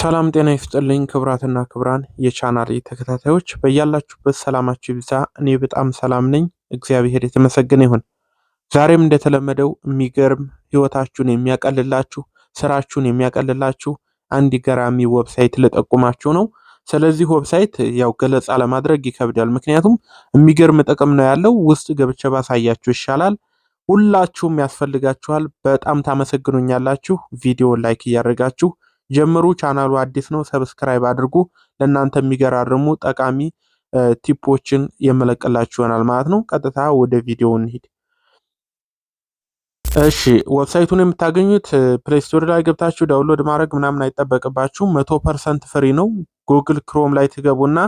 ሰላም ጤና ይስጥልኝ ክብራትና ክብራን የቻናል ተከታታዮች በያላችሁበት ሰላማችሁ ይብዛ። እኔ በጣም ሰላም ነኝ፣ እግዚአብሔር የተመሰገነ ይሁን። ዛሬም እንደተለመደው የሚገርም ህይወታችሁን የሚያቀልላችሁ ስራችሁን የሚያቀልላችሁ አንድ ገራሚ ዌብሳይት ልጠቁማችሁ ነው። ስለዚህ ዌብሳይት ያው ገለጻ ለማድረግ ይከብዳል፣ ምክንያቱም የሚገርም ጥቅም ነው ያለው። ውስጥ ገብቼ ባሳያችሁ ይሻላል። ሁላችሁም ያስፈልጋችኋል። በጣም ታመሰግኑኛላችሁ። ቪዲዮ ላይክ እያደረጋችሁ ጀምሩ። ቻናሉ አዲስ ነው፣ ሰብስክራይብ አድርጉ። ለእናንተ የሚገራርሙ ጠቃሚ ቲፖችን የመለቅላችሁ ይሆናል ማለት ነው። ቀጥታ ወደ ቪዲዮ እንሂድ። እሺ ዌብሳይቱን የምታገኙት ፕሌስቶር ላይ ገብታችሁ ዳውንሎድ ማድረግ ምናምን አይጠበቅባችሁ። መቶ ፐርሰንት ፍሪ ነው። ጉግል ክሮም ላይ ትገቡና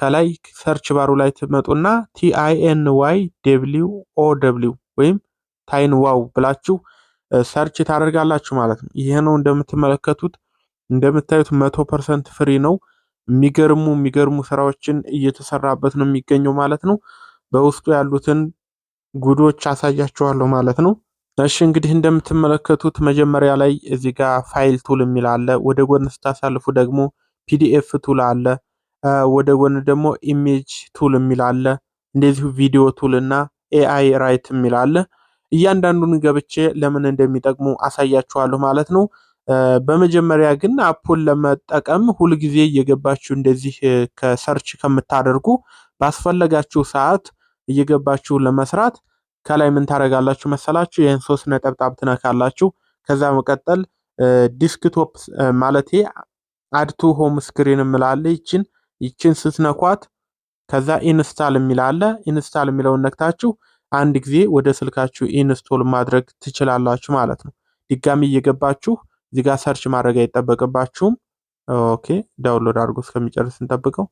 ከላይ ሰርች ባሩ ላይ ትመጡና ቲአይኤን ዋይ ደብሊው ኦ ደብሊው ወይም ታይን ዋው ብላችሁ ሰርች ታደርጋላችሁ ማለት ነው። ይሄ ነው እንደምትመለከቱት እንደምታዩት መቶ ፐርሰንት ፍሪ ነው። የሚገርሙ የሚገርሙ ስራዎችን እየተሰራበት ነው የሚገኘው ማለት ነው። በውስጡ ያሉትን ጉዶች አሳያችኋለሁ ማለት ነው። እሺ እንግዲህ እንደምትመለከቱት መጀመሪያ ላይ እዚህ ጋር ፋይል ቱል የሚል አለ። ወደ ጎን ስታሳልፉ ደግሞ ፒዲኤፍ ቱል አለ። ወደ ጎን ደግሞ ኢሜጅ ቱል የሚል አለ። እንደዚሁ ቪዲዮ ቱል እና ኤአይ ራይት የሚል አለ። እያንዳንዱን ገብቼ ለምን እንደሚጠቅሙ አሳያችኋለሁ ማለት ነው። በመጀመሪያ ግን አፑን ለመጠቀም ሁልጊዜ እየገባችሁ እንደዚህ ከሰርች ከምታደርጉ ባስፈለጋችሁ ሰዓት እየገባችሁ ለመስራት ከላይ ምን ታደርጋላችሁ መሰላችሁ? ይህን ሶስት ነጠብጣብ ትነካላችሁ። ከዛ መቀጠል ዲስክቶፕ ማለት አድቱ ሆም ስክሪን እምላለ ይችን ይችን ስትነኳት ከዛ ኢንስታል የሚላለ ኢንስታል የሚለውን ነክታችሁ አንድ ጊዜ ወደ ስልካችሁ ኢንስቶል ማድረግ ትችላላችሁ ማለት ነው። ድጋሚ እየገባችሁ እዚህ ጋር ሰርች ማድረግ አይጠበቅባችሁም። ኦኬ ዳውንሎድ አድርጎ እስከሚጨርስ እንጠብቀው።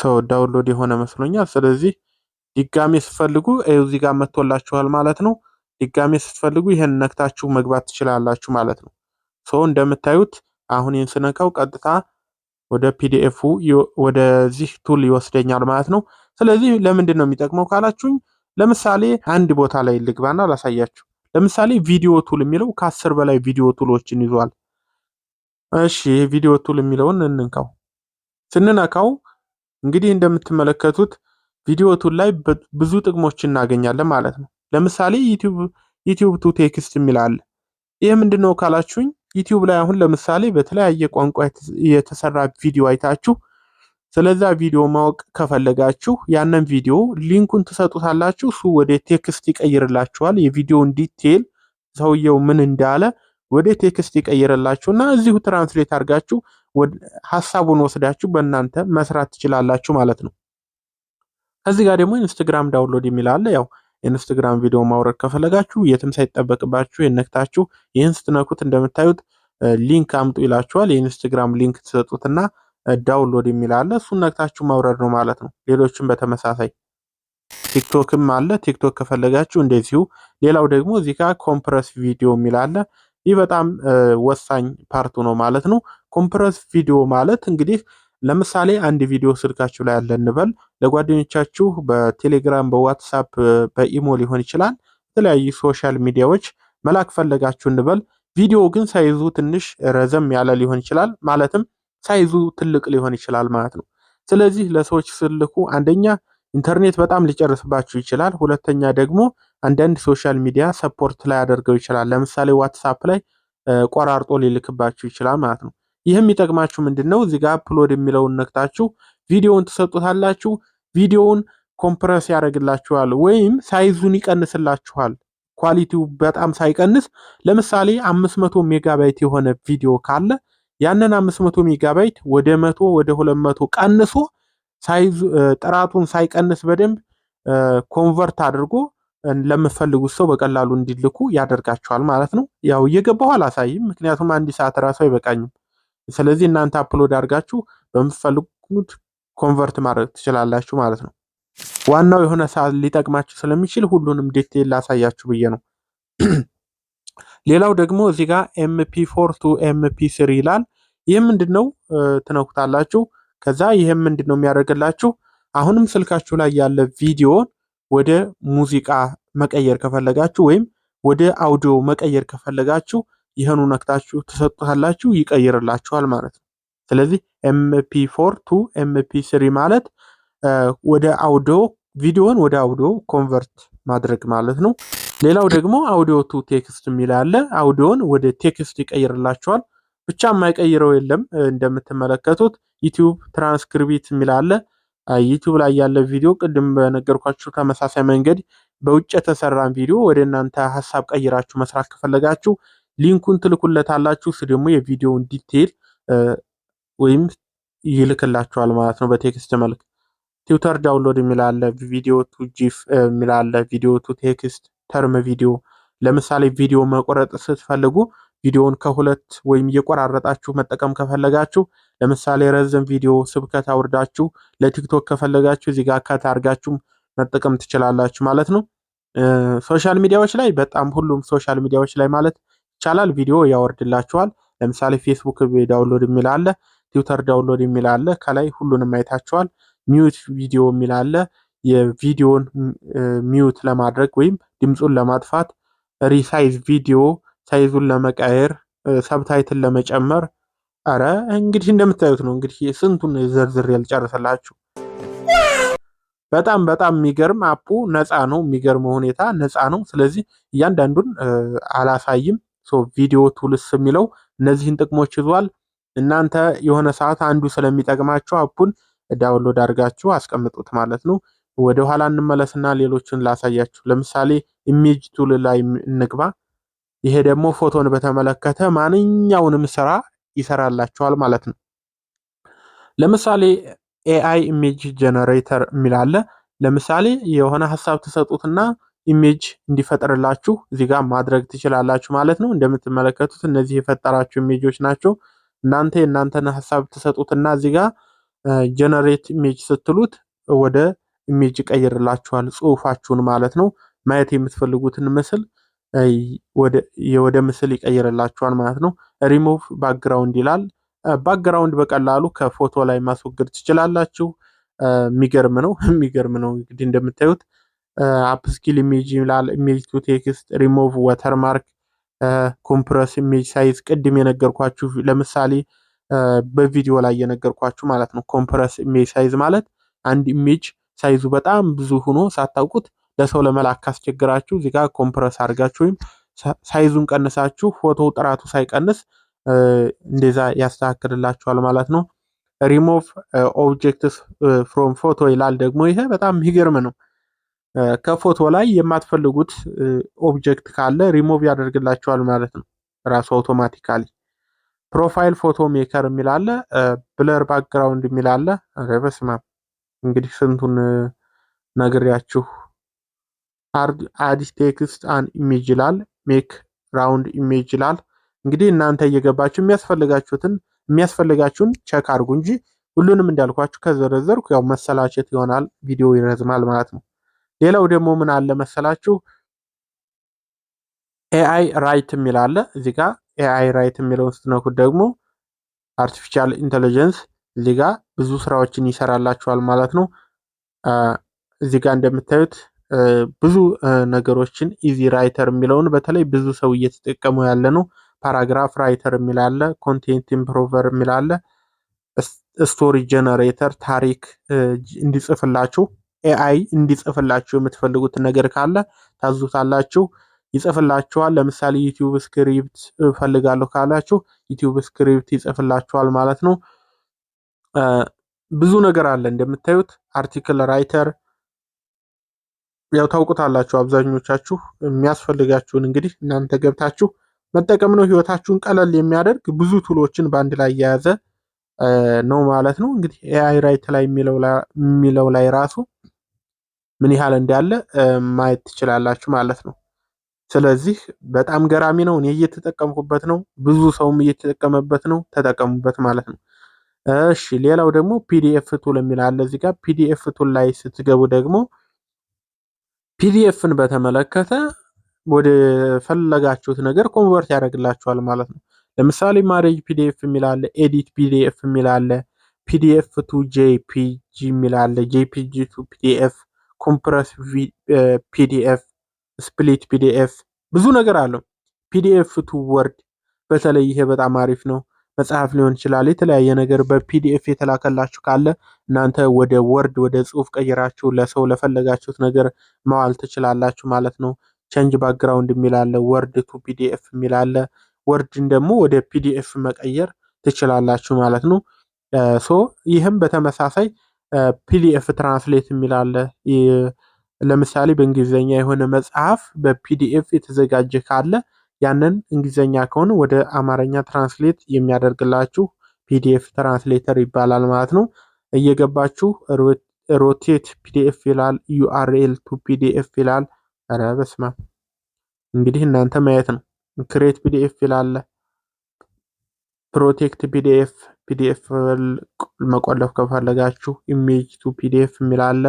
ሰው ዳውንሎድ የሆነ መስሎኛል። ስለዚህ ድጋሜ ስትፈልጉ እዚህ ጋር መጥቶላችኋል ማለት ነው። ድጋሜ ስትፈልጉ ይህን ነክታችሁ መግባት ትችላላችሁ ማለት ነው። ሰው እንደምታዩት አሁን ይህን ስነካው ቀጥታ ወደ ፒዲኤፉ ወደዚህ ቱል ይወስደኛል ማለት ነው። ስለዚህ ለምንድን ነው የሚጠቅመው ካላችሁኝ ለምሳሌ አንድ ቦታ ላይ ልግባና ላሳያችሁ። ለምሳሌ ቪዲዮ ቱል የሚለው ከአስር በላይ ቪዲዮ ቱሎችን ይዟል። እሺ ይህ ቪዲዮ ቱል የሚለውን እንንካው። ስንነካው እንግዲህ እንደምትመለከቱት ቪዲዮ ቱል ላይ ብዙ ጥቅሞች እናገኛለን ማለት ነው። ለምሳሌ ዩቲዩብ ቱ ቴክስት የሚል አለ። ይህ ምንድን ነው ካላችሁኝ ዩቲዩብ ላይ አሁን ለምሳሌ በተለያየ ቋንቋ የተሰራ ቪዲዮ አይታችሁ ስለዛ ቪዲዮ ማወቅ ከፈለጋችሁ ያንን ቪዲዮ ሊንኩን ትሰጡታላችሁ። እሱ ወደ ቴክስት ይቀይርላችኋል። የቪዲዮን ዲቴል ሰውየው ምን እንዳለ ወደ ቴክስት ይቀይርላችሁና እዚሁ ትራንስሌት አድርጋችሁ ሀሳቡን ወስዳችሁ በእናንተ መስራት ትችላላችሁ ማለት ነው። ከዚህ ጋር ደግሞ ኢንስታግራም ዳውንሎድ የሚል አለ። ያው ኢንስታግራም ቪዲዮ ማውረድ ከፈለጋችሁ የትም ሳይጠበቅባችሁ የነክታችሁ ይህን ስትነኩት እንደምታዩት ሊንክ አምጡ ይላችኋል። ሊንክ ትሰጡትና ዳውንሎድ የሚል አለ። እሱን ነግታችሁ መውረድ ነው ማለት ነው። ሌሎችም በተመሳሳይ ቲክቶክም አለ። ቲክቶክ ከፈለጋችሁ እንደዚሁ። ሌላው ደግሞ እዚህ ጋር ኮምፕረስ ቪዲዮ የሚል አለ። ይህ በጣም ወሳኝ ፓርቱ ነው ማለት ነው። ኮምፕረስ ቪዲዮ ማለት እንግዲህ ለምሳሌ አንድ ቪዲዮ ስልካችሁ ላይ አለ እንበል። ለጓደኞቻችሁ በቴሌግራም በዋትሳፕ በኢሞ ሊሆን ይችላል የተለያዩ ሶሻል ሚዲያዎች መላክ ፈለጋችሁ እንበል። ቪዲዮ ግን ሳይዙ ትንሽ ረዘም ያለ ሊሆን ይችላል ማለትም ሳይዙ ትልቅ ሊሆን ይችላል ማለት ነው። ስለዚህ ለሰዎች ስልኩ አንደኛ ኢንተርኔት በጣም ሊጨርስባችሁ ይችላል። ሁለተኛ ደግሞ አንዳንድ ሶሻል ሚዲያ ሰፖርት ላይ አደርገው ይችላል። ለምሳሌ ዋትሳፕ ላይ ቆራርጦ ሊልክባችሁ ይችላል ማለት ነው። ይህም የሚጠቅማችሁ ምንድን ነው? እዚህ ጋር አፕሎድ የሚለውን ነክታችሁ ቪዲዮውን ትሰጡታላችሁ። ቪዲዮውን ኮምፕረስ ያደርግላችኋል ወይም ሳይዙን ይቀንስላችኋል። ኳሊቲው በጣም ሳይቀንስ ለምሳሌ አምስት መቶ ሜጋባይት የሆነ ቪዲዮ ካለ ያንን 500 ሜጋባይት ወደ 100 ወደ 200 ቀንሶ ጥራቱን ሳይቀንስ በደንብ ኮንቨርት አድርጎ ለምፈልጉት ሰው በቀላሉ እንዲልኩ ያደርጋቸዋል ማለት ነው። ያው እየገባሁ አላሳይም፣ ምክንያቱም አንድ ሰዓት ራሱ አይበቃኝም። ስለዚህ እናንተ አፕሎድ አድርጋችሁ በምትፈልጉት ኮንቨርት ማድረግ ትችላላችሁ ማለት ነው። ዋናው የሆነ ሰዓት ሊጠቅማችሁ ስለሚችል ሁሉንም ዲቴል ላሳያችሁ ብዬ ነው። ሌላው ደግሞ እዚህ ጋር ኤምፒ ፎር ቱ ኤምፒ ስሪ ይላል። ይህ ምንድን ነው? ትነኩታላችሁ። ከዛ ይህም ምንድን ነው የሚያደርግላችሁ? አሁንም ስልካችሁ ላይ ያለ ቪዲዮን ወደ ሙዚቃ መቀየር ከፈለጋችሁ ወይም ወደ አውዲዮ መቀየር ከፈለጋችሁ ይህኑ ነክታችሁ ትሰጡታላችሁ፣ ይቀይርላችኋል ማለት ነው። ስለዚህ ኤምፒ ፎር ቱ ኤምፒ ስሪ ማለት ወደ አውዲዮ ቪዲዮን ወደ አውዲዮ ኮንቨርት ማድረግ ማለት ነው። ሌላው ደግሞ አውዲዮ ቱ ቴክስት የሚል አለ። አውዲዮን ወደ ቴክስት ይቀይርላቸዋል ብቻ የማይቀይረው የለም። እንደምትመለከቱት ዩቲዩብ ትራንስክሪቢት የሚል አለ። ዩቲዩብ ላይ ያለ ቪዲዮ ቅድም በነገርኳችሁ ተመሳሳይ መንገድ በውጭ የተሰራን ቪዲዮ ወደ እናንተ ሀሳብ ቀይራችሁ መስራት ከፈለጋችሁ ሊንኩን ትልኩለታላችሁ። እሱ ደግሞ የቪዲዮውን ዲቴይል ወይም ይልክላችኋል ማለት ነው በቴክስት መልክ። ቲዩተር ዳውንሎድ የሚላለ ቪዲዮ ቱ ጂፍ የሚላለ ቪዲዮ ቱ ቴክስት ተርም ቪዲዮ ለምሳሌ ቪዲዮ መቆረጥ ስትፈልጉ ቪዲዮውን ከሁለት ወይም እየቆራረጣችሁ መጠቀም ከፈለጋችሁ ለምሳሌ ረዘም ቪዲዮ ስብከት አውርዳችሁ ለቲክቶክ ከፈለጋችሁ እዚህ ጋር አካት አድርጋችሁ መጠቀም ትችላላችሁ ማለት ነው። ሶሻል ሚዲያዎች ላይ በጣም ሁሉም ሶሻል ሚዲያዎች ላይ ማለት ይቻላል ቪዲዮ ያወርድላችኋል። ለምሳሌ ፌስቡክ ዳውንሎድ የሚል አለ፣ ትዊተር ዳውንሎድ የሚል አለ። ከላይ ሁሉንም አይታችኋል። ሚዩት ቪዲዮ የሚል አለ፣ የቪዲዮን ሚዩት ለማድረግ ወይም ድምፁን ለማጥፋት፣ ሪሳይዝ ቪዲዮ ሳይዙን ለመቀየር፣ ሰብታይትን ለመጨመር አረ እንግዲህ እንደምታዩት ነው። እንግዲህ ስንቱን ዝርዝር ያልጨረሰላችሁ በጣም በጣም የሚገርም አፑ ነፃ ነው። የሚገርመው ሁኔታ ነፃ ነው። ስለዚህ እያንዳንዱን አላሳይም። ቪዲዮ ቱልስ የሚለው እነዚህን ጥቅሞች ይዟል። እናንተ የሆነ ሰዓት አንዱ ስለሚጠቅማችሁ አፑን ዳውንሎድ አድርጋችሁ አስቀምጡት ማለት ነው። ወደ ኋላ እንመለስና ሌሎችን ላሳያችሁ። ለምሳሌ ኢሜጅ ቱል ላይ እንግባ። ይሄ ደግሞ ፎቶን በተመለከተ ማንኛውንም ስራ ይሰራላችኋል ማለት ነው። ለምሳሌ ኤአይ ኢሜጅ ጀነሬተር የሚል አለ። ለምሳሌ የሆነ ሀሳብ ትሰጡትና ኢሜጅ እንዲፈጥርላችሁ እዚህ ጋር ማድረግ ትችላላችሁ ማለት ነው። እንደምትመለከቱት እነዚህ የፈጠራችሁ ኢሜጆች ናቸው። እናንተ የእናንተን ሀሳብ ትሰጡትና እዚህ ጋር ጀነሬት ኢሜጅ ስትሉት ወደ ኢሜጅ ይቀይርላችኋል ጽሁፋችሁን ማለት ነው። ማየት የምትፈልጉትን ምስል ወደ ምስል ይቀይርላችኋል ማለት ነው። ሪሙቭ ባክግራውንድ ይላል። ባክግራውንድ በቀላሉ ከፎቶ ላይ ማስወገድ ትችላላችሁ። የሚገርም ነው የሚገርም ነው እንግዲህ እንደምታዩት አፕስኪል ኢሜጅ ይላል። ኢሜጅ ቱ ቴክስት፣ ሪሞቭ ወተርማርክ፣ ኮምፕረስ ኢሜጅ ሳይዝ ቅድም የነገርኳችሁ ለምሳሌ በቪዲዮ ላይ የነገርኳችሁ ማለት ነው። ኮምፕረስ ኢሜጅ ሳይዝ ማለት አንድ ኢሜጅ ሳይዙ በጣም ብዙ ሆኖ ሳታውቁት ለሰው ለመላክ ካስቸግራችሁ እዚህ ጋር ኮምፕረስ አድርጋችሁ ወይም ሳይዙን ቀንሳችሁ ፎቶ ጥራቱ ሳይቀንስ እንደዛ ያስተካክልላችኋል ማለት ነው። ሪሞቭ ኦብጀክትስ ፍሮም ፎቶ ይላል ደግሞ ይሄ በጣም የሚገርም ነው። ከፎቶ ላይ የማትፈልጉት ኦብጀክት ካለ ሪሞቭ ያደርግላችኋል ማለት ነው ራሱ አውቶማቲካሊ። ፕሮፋይል ፎቶ ሜከር የሚላለ ብለር ባክግራውንድ የሚላለ በስማም እንግዲህ ስንቱን ነግሬያችሁ። አርግ አዲስ ቴክስት አን ኢሜጅ ይላል። ሜክ ራውንድ ኢሜጅ ይላል። እንግዲህ እናንተ እየገባችሁ የሚያስፈልጋችሁትን የሚያስፈልጋችሁን ቸክ አድርጉ እንጂ ሁሉንም እንዳልኳችሁ ከዘረዘርኩ ያው መሰላቸት ይሆናል፣ ቪዲዮ ይረዝማል ማለት ነው። ሌላው ደግሞ ምን አለ መሰላችሁ ኤአይ ራይት የሚል አለ እዚህ ጋር ኤአይ ራይት የሚለውን ስትነኩት ደግሞ አርቲፊሻል ኢንቴሊጀንስ እዚህ ጋር ብዙ ስራዎችን ይሰራላችኋል ማለት ነው። እዚህ ጋር እንደምታዩት ብዙ ነገሮችን ኢዚ ራይተር የሚለውን በተለይ ብዙ ሰው እየተጠቀሙ ያለ ነው። ፓራግራፍ ራይተር የሚላለ፣ ኮንቴንት ኢምፕሮቨር የሚላለ፣ ስቶሪ ጀነሬተር ታሪክ እንዲጽፍላችሁ ኤአይ እንዲጽፍላችሁ የምትፈልጉት ነገር ካለ ታዙታላችሁ፣ ይጽፍላችኋል። ለምሳሌ ዩቲዩብ ስክሪፕት እፈልጋለሁ ካላችሁ ዩቲዩብ ስክሪፕት ይጽፍላችኋል ማለት ነው። ብዙ ነገር አለ እንደምታዩት አርቲክል ራይተር ያው ታውቁታላችሁ አብዛኞቻችሁ የሚያስፈልጋችሁን እንግዲህ እናንተ ገብታችሁ መጠቀም ነው። ህይወታችሁን ቀለል የሚያደርግ ብዙ ቱሎችን በአንድ ላይ የያዘ ነው ማለት ነው። እንግዲህ ኤአይ ራይት ላይ የሚለው ላይ ራሱ ምን ያህል እንዳለ ማየት ትችላላችሁ ማለት ነው። ስለዚህ በጣም ገራሚ ነው። እኔ እየተጠቀምኩበት ነው፣ ብዙ ሰውም እየተጠቀመበት ነው። ተጠቀሙበት ማለት ነው። እሺ ሌላው ደግሞ ፒዲኤፍ ቱል የሚል አለ እዚህ ጋር ፒዲኤፍ ቱል ላይ ስትገቡ ደግሞ ፒዲኤፍን በተመለከተ ወደ ፈለጋችሁት ነገር ኮንቨርት ያደርግላችኋል ማለት ነው። ለምሳሌ ማሬጅ ፒዲኤፍ የሚል አለ፣ ኤዲት ፒዲኤፍ የሚል አለ፣ ፒዲኤፍ ቱ ጄፒጂ የሚል አለ፣ ጄፒጂ ቱ ፒዲኤፍ፣ ኮምፕረስ ፒዲኤፍ፣ ስፕሊት ፒዲኤፍ ብዙ ነገር አለው። ፒዲኤፍ ቱ ወርድ በተለይ ይሄ በጣም አሪፍ ነው። መጽሐፍ ሊሆን ይችላል። የተለያየ ነገር በፒዲኤፍ የተላከላችሁ ካለ እናንተ ወደ ወርድ ወደ ጽሁፍ ቀይራችሁ ለሰው ለፈለጋችሁት ነገር መዋል ትችላላችሁ ማለት ነው። ቼንጅ ባክግራውንድ የሚላለ ወርድ ቱ ፒዲኤፍ የሚላለ ወርድን ደግሞ ወደ ፒዲኤፍ መቀየር ትችላላችሁ ማለት ነው። ሶ ይህም በተመሳሳይ ፒዲኤፍ ትራንስሌት የሚላለ ለምሳሌ በእንግሊዝኛ የሆነ መጽሐፍ በፒዲኤፍ የተዘጋጀ ካለ ያንን እንግሊዝኛ ከሆነ ወደ አማርኛ ትራንስሌት የሚያደርግላችሁ ፒዲኤፍ ትራንስሌተር ይባላል ማለት ነው። እየገባችሁ ሮቴት ፒዲኤፍ ይላል፣ ዩአርኤል ቱ ፒዲኤፍ ይላል። ኧረ በስመ አብ እንግዲህ እናንተ ማየት ነው። ክሬት ፒዲኤፍ ይላል፣ ፕሮቴክት ፒዲኤፍ ፒዲኤፍ መቆለፍ ከፈለጋችሁ ኢሜጅ ቱ ፒዲኤፍ የሚላለ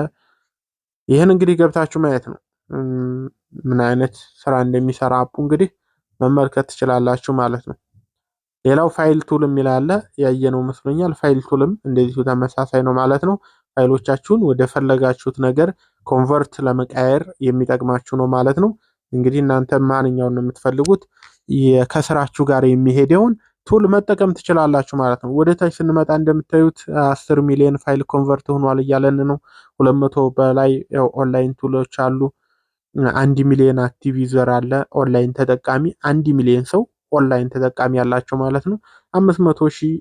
ይህን እንግዲህ ገብታችሁ ማየት ነው ምን አይነት ስራ እንደሚሰራ አፑ እንግዲህ መመልከት ትችላላችሁ ማለት ነው። ሌላው ፋይል ቱል የሚል አለ ያየነው መስሎኛል። ፋይል ቱልም እንደዚሁ ተመሳሳይ ነው ማለት ነው። ፋይሎቻችሁን ወደ ፈለጋችሁት ነገር ኮንቨርት ለመቀየር የሚጠቅማችሁ ነው ማለት ነው። እንግዲህ እናንተ ማንኛውን ነው የምትፈልጉት ከስራችሁ ጋር የሚሄደውን ቱል መጠቀም ትችላላችሁ ማለት ነው። ወደ ታች ስንመጣ እንደምታዩት አስር ሚሊዮን ፋይል ኮንቨርት ሆኗል እያለን ነው። ሁለት መቶ በላይ ኦንላይን ቱሎች አሉ። አንድ ሚሊዮን አክቲቭ ዩዘር አለ ኦንላይን ተጠቃሚ አንድ ሚሊዮን ሰው ኦንላይን ተጠቃሚ ያላቸው ማለት ነው። አምስት መቶ ሺህ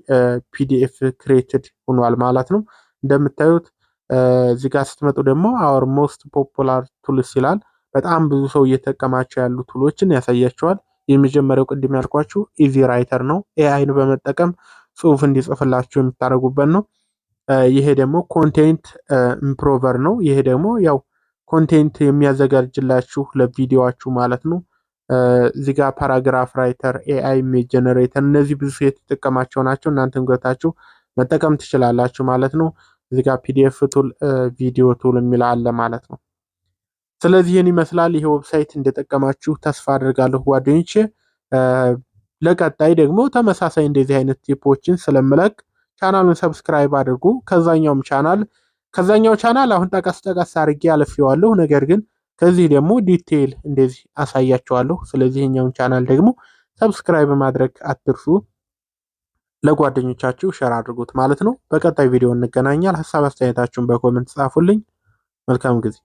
ፒዲኤፍ ክሬትድ ሆኗል ማለት ነው። እንደምታዩት እዚህ ጋር ስትመጡ ደግሞ አወር ሞስት ፖፑላር ቱልስ ይላል። በጣም ብዙ ሰው እየተጠቀማቸው ያሉ ቱሎችን ያሳያቸዋል። የመጀመሪያው ቅድም ያልኳችሁ ኢዚ ራይተር ነው። ኤአይን በመጠቀም ጽሁፍ እንዲጽፍላችሁ የምታደርጉበት ነው። ይሄ ደግሞ ኮንቴንት ኢምፕሮቨር ነው። ይሄ ደግሞ ያው ኮንቴንት የሚያዘጋጅላችሁ ለቪዲዮችሁ ማለት ነው። እዚህ ጋር ፓራግራፍ ራይተር፣ ኤአይ ኢሜጅ ጀነሬተር እነዚህ ብዙ ሰው የተጠቀማቸው ናቸው። እናንተም ገብታችሁ መጠቀም ትችላላችሁ ማለት ነው። እዚህ ጋር ፒዲኤፍ ቱል፣ ቪዲዮ ቱል የሚል አለ ማለት ነው። ስለዚህ ይህን ይመስላል። ይሄ ዌብሳይት እንደጠቀማችሁ ተስፋ አድርጋለሁ ጓደኞቼ። ለቀጣይ ደግሞ ተመሳሳይ እንደዚህ አይነት ቲፖችን ስለምለቅ ቻናሉን ሰብስክራይብ አድርጉ። ከዛኛውም ቻናል ከዛኛው ቻናል አሁን ጠቀስ ጠቀስ አድርጌ አልፌዋለሁ። ነገር ግን ከዚህ ደግሞ ዲቴይል እንደዚህ አሳያቸዋለሁ። ስለዚህ እኛውን ቻናል ደግሞ ሰብስክራይብ ማድረግ አትርሱ። ለጓደኞቻችሁ ሸር አድርጉት ማለት ነው። በቀጣይ ቪዲዮ እንገናኛል። ሀሳብ አስተያየታችሁን በኮመንት ጻፉልኝ። መልካም ጊዜ